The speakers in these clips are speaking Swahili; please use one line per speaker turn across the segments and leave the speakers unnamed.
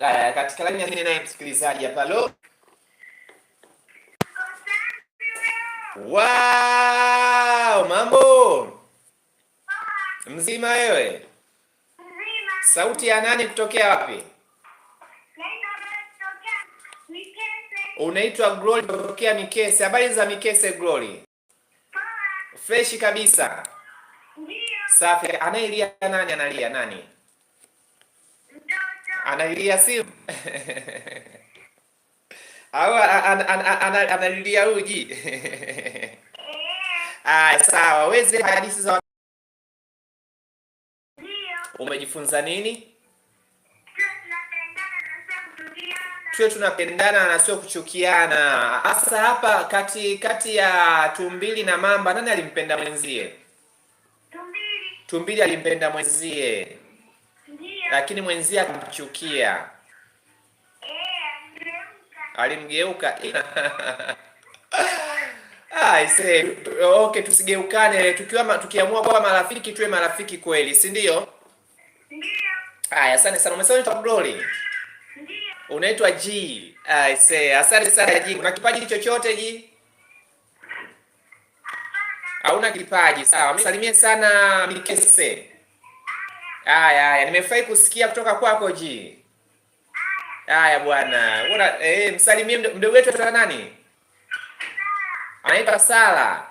Uh, katika laini ya naye msikilizaji hapa. Halo, wow, mambo
mzima wewe?
Sauti ya nani kutokea wapi? Unaitwa Glory kutokea Mikese. Habari za Mikese Glory? Freshi kabisa. Safi. Anayelia nani? Analia nani? anailia simu au analilia uji? Aya, sawa. Weze hadithi za umejifunza nini?
Tuwe tunapendana na sio kuchukiana.
Hasa hapa kati kati ya tumbili na mamba, nani alimpenda mwenzie?
Tumbili,
tumbili alimpenda mwenzie lakini mwenzie akamchukia, alimgeuka. Ah, okay, tusigeukane. Tukiwa tukiamua kuwa marafiki tuwe marafiki kweli, si ndio? Haya, asante sana. Umesema unaitwa Glory? Ndio. Unaitwa G. Ah, asante sana G. Una kipaji chochote G? Hauna kipaji. Sawa, msalimie sana Mikese. Haya haya, nimefurahi kusikia kutoka kwako ji. Haya bwana, bora eh, msalimie mdogo wetu anaitwa nani? Anaitwa Sala.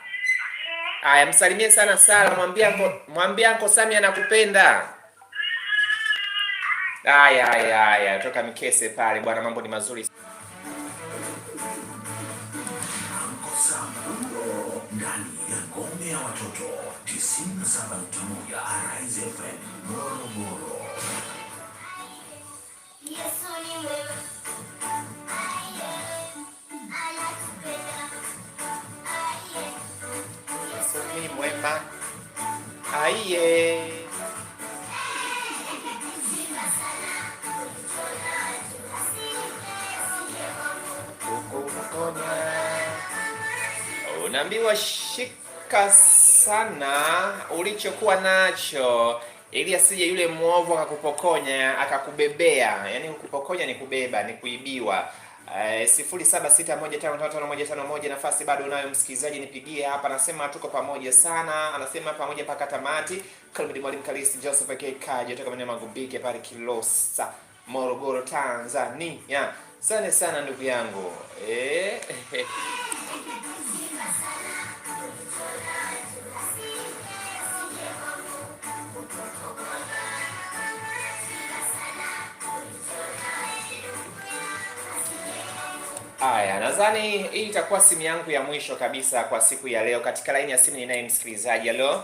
Haya, msalimie sana Sara, mwambie mwambie anko Sami anakupenda. Haya haya haya, toka Mikese pale bwana, mambo ni mazuri. 97.1 Arise FM Morogoro. Yesu ni mwema. Aiye. Unaambiwa shika sana ulichokuwa nacho, ili asije yule mwovu akakupokonya akakubebea. Yaani kukupokonya ni kubeba, ni kuibiwa. Uh, sifuri saba sita moja tano tano tano moja tano moja. Nafasi bado unayo msikilizaji, nipigie hapa. Anasema tuko pamoja sana, anasema pamoja mpaka tamati. Kalmidi mwalimu Kalisi Joseph AK Kaje kutoka maeneo Magubike pale Kilosa, Morogoro, Tanzania. Sana sana ndugu yangu eh. nadhani hii itakuwa simu yangu ya mwisho kabisa kwa siku ya leo. Katika laini ya simu ninaye msikilizaji. Halo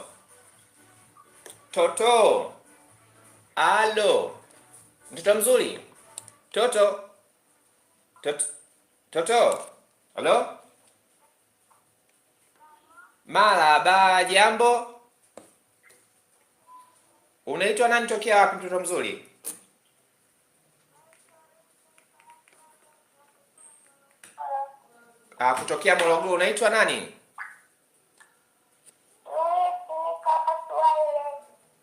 toto, alo mtoto mzuri, toto toto, toto. Halo maraba, jambo. Unaitwa nani? Tokea wapi mtoto mzuri? Ah, kutokea Morogoro unaitwa nani?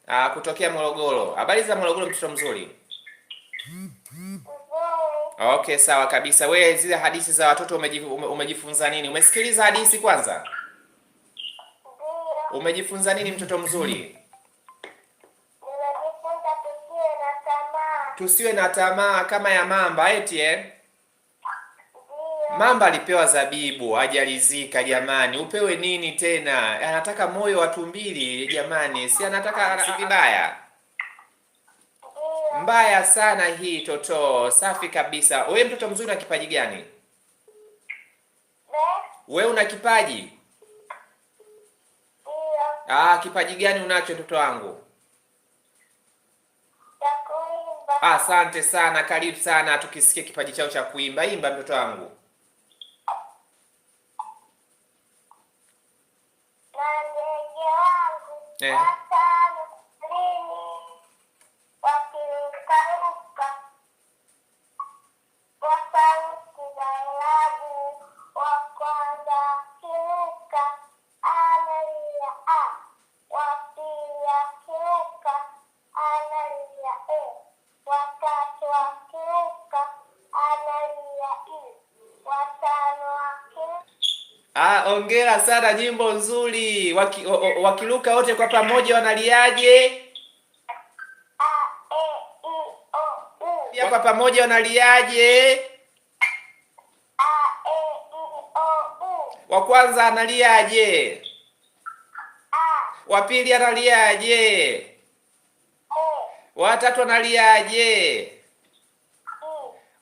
Ah, kutokea Morogoro. Habari za Morogoro mtoto mzuri? Okay, sawa kabisa. Wewe zile hadithi za watoto umejifunza nini? Umesikiliza hadithi kwanza? Umejifunza nini mtoto mzuri? Tusiwe na tamaa kama ya mamba eti eh? Mamba alipewa zabibu, hajalizika jamani. Upewe nini tena? Anataka moyo wa tumbili jamani, si anataka ah, ah, ah, vibaya. Mbaya sana hii toto. Safi kabisa. Wewe mtoto mzuri, una kipaji gani? Wewe una kipaji? Ah, kipaji gani unacho mtoto wangu? Asante sana, karibu sana, tukisikia kipaji chao cha kuimba. Imba mtoto wangu. É. Ah, ongera sana, nyimbo nzuri. Waki, o, o, wakiruka wote kwa pamoja wanaliaje? Pia kwa pamoja wanaliaje? Wa kwanza analiaje? Wa pili analiaje? Wa tatu analiaje?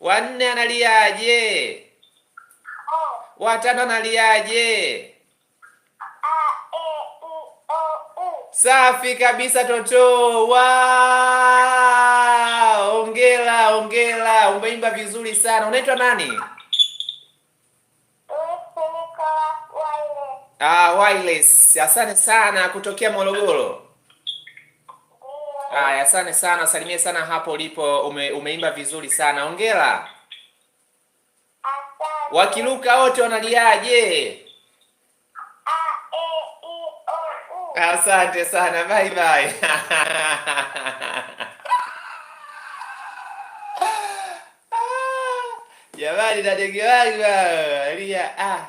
Wa nne analiaje? watano analiaje? Safi kabisa toto, wow! Ongela, ongela, umeimba vizuri sana. Unaitwa nani? Ah, wireless. Asante sana kutokea Morogoro. Haya, asante sana, salimia sana hapo ulipo. Ume, umeimba vizuri sana. Ongela wakiruka wote wanaliaje? Asante sana, bye bye. Jamani, na ndege wangu alia ah.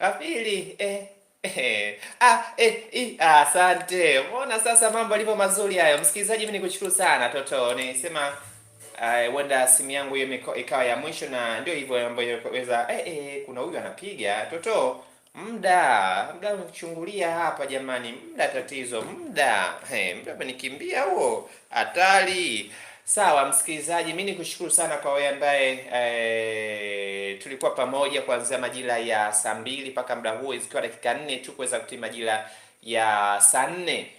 wapili eh. Ah, eh, eh, asante. Mbona sasa mambo yalivyo mazuri hayo. Msikilizaji, mimi nikushukuru sana Toto. Nisema Eh, huenda uh, simu yangu hiyo ikawa ya mwisho, na ndio hivyo ambayo weza eh, eh, kuna huyu anapiga toto muda muda unachungulia hapa jamani, muda tatizo, muda hey, eh, muda amenikimbia huo, hatari. Sawa msikilizaji, mi nikushukuru sana kwa wewe ambaye e, tulikuwa pamoja kuanzia majira ya saa mbili mpaka muda huo, zikiwa dakika nne tu kuweza kutii majira ya saa nne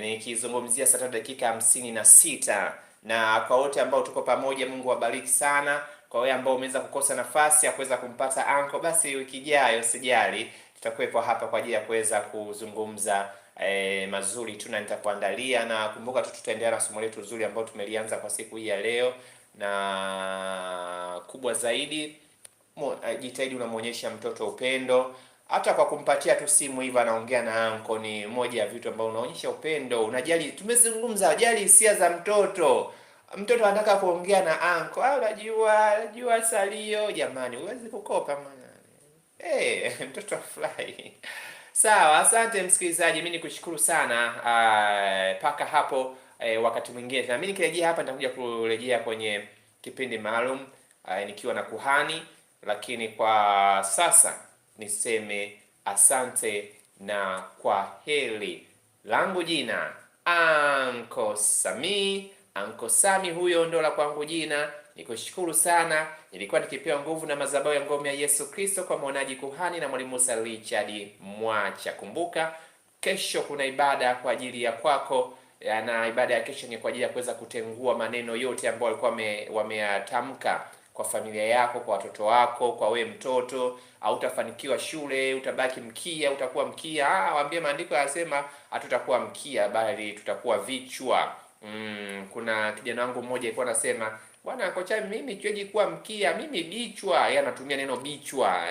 nikizungumzia saa tatu dakika hamsini na sita na kwa wote ambao tuko pamoja, Mungu wabariki sana. Kwa wale ambao umeweza kukosa nafasi ya kuweza kumpata anko, basi wiki ijayo sijali tutakuwepo hapa kwa ajili ya kuweza kuzungumza E, mazuri tu na nitakuandalia, na kumbuka tu tutaendelea na somo letu zuri ambalo tumelianza kwa siku hii ya leo, na kubwa zaidi, eh, jitahidi unamwonyesha mtoto upendo hata kwa kumpatia tu simu hivyo anaongea na anko, ni moja ya vitu ambavyo unaonyesha upendo, unajali. Tumezungumza ajali hisia za mtoto. Mtoto anataka kuongea na anko, ah, unajua unajua salio, jamani, huwezi kukopa maana hey, eh, mtoto afurahi. Sawa, asante msikilizaji, mimi nikushukuru sana mpaka ah, hapo. uh, wakati mwingine na mimi nikirejea hapa nitakuja kurejea kwenye kipindi maalum uh, nikiwa na kuhani, lakini kwa sasa niseme asante na kwa heri. Langu jina Anko Sami, Anko Sami huyo ndo la kwangu jina. Nikushukuru sana. Nilikuwa nikipewa nguvu na mazabao ya ngome ya Yesu Kristo kwa mwonaji kuhani na mwalimu Musa Richard Mwacha. Kumbuka kesho kuna ibada kwa ajili ya kwako na ibada ya kesho ni kwa ajili ya kuweza kutengua maneno yote ambayo walikuwa wameyatamka kwa familia yako, kwa watoto wako, kwa we mtoto, hautafanikiwa shule, utabaki mkia, utakuwa mkia. Ah, waambie maandiko yanasema hatutakuwa mkia bali tutakuwa vichwa. Mm, kuna kijana wangu mmoja alikuwa anasema bwana kocha, mimi siwezi kuwa mkia, mimi bichwa. Yeye anatumia neno bichwa.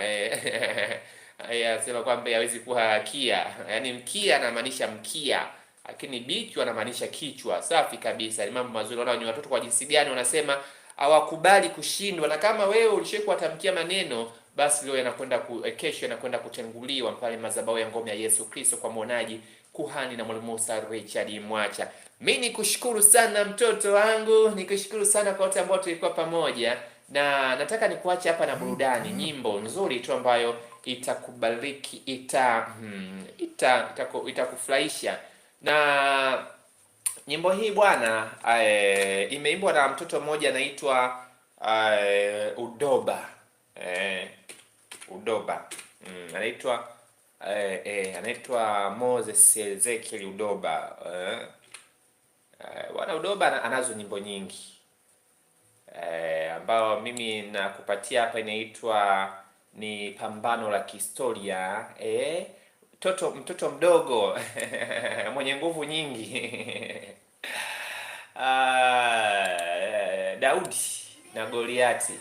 Anasema kwamba hawezi kuwa kia. Yaani mkia anamaanisha mkia lakini bichwa anamaanisha kichwa. Safi kabisa, ni mambo mazuri. Wanaona watoto kwa jinsi gani wanasema hawakubali kushindwa, na kama wewe ulishawahi kuwatamkia maneno basi leo yanakwenda ku, eh, kesho yanakwenda kutenguliwa pale madhabahu ya ngome ya Yesu Kristo kwa mwonaji kuhani na mwalimu Sir Richard Mwacha. Mi nikushukuru sana mtoto wangu, nikushukuru sana kwa wote ambao tulikuwa pamoja, na nataka nikuache hapa na burudani, nyimbo nzuri tu ambayo itakubariki ita, hmm, ita, ita, itakufurahisha na nyimbo hii bwana e, imeimbwa na mtoto mmoja anaitwa e, Udoba e, Udoba mm, anaitwa e, e, anaitwa Moses Ezekiel Udoba e, bwana Udoba anazo nyimbo nyingi e, ambayo mimi nakupatia hapa inaitwa ni pambano la kihistoria e, mtoto mtoto mdogo mwenye nguvu nyingi uh, Daudi na Goliati,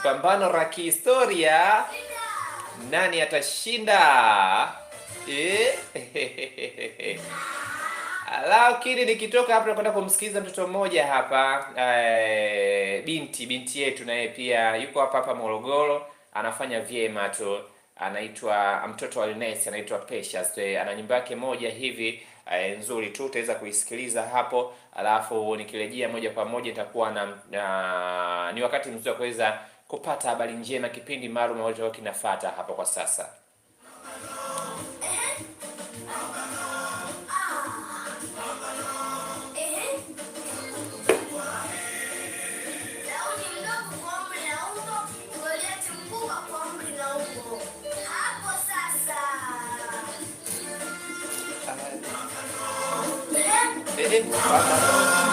mpambano la kihistoria. Nani atashinda eh? Lakini nikitoka hapa nakwenda kumsikiliza mtoto mmoja hapa eh, binti binti yetu naye pia yuko hapa hapa Morogoro, anafanya vyema tu anaitwa mtoto wa Linesi anaitwa pesha eh, ana nyimbo yake moja hivi e, nzuri tu, utaweza kuisikiliza hapo, alafu nikirejea moja kwa moja itakuwa na, na ni wakati mzuri wa kuweza kupata habari njema, kipindi maalum ambacho kinafuata hapo kwa sasa. আলাইহি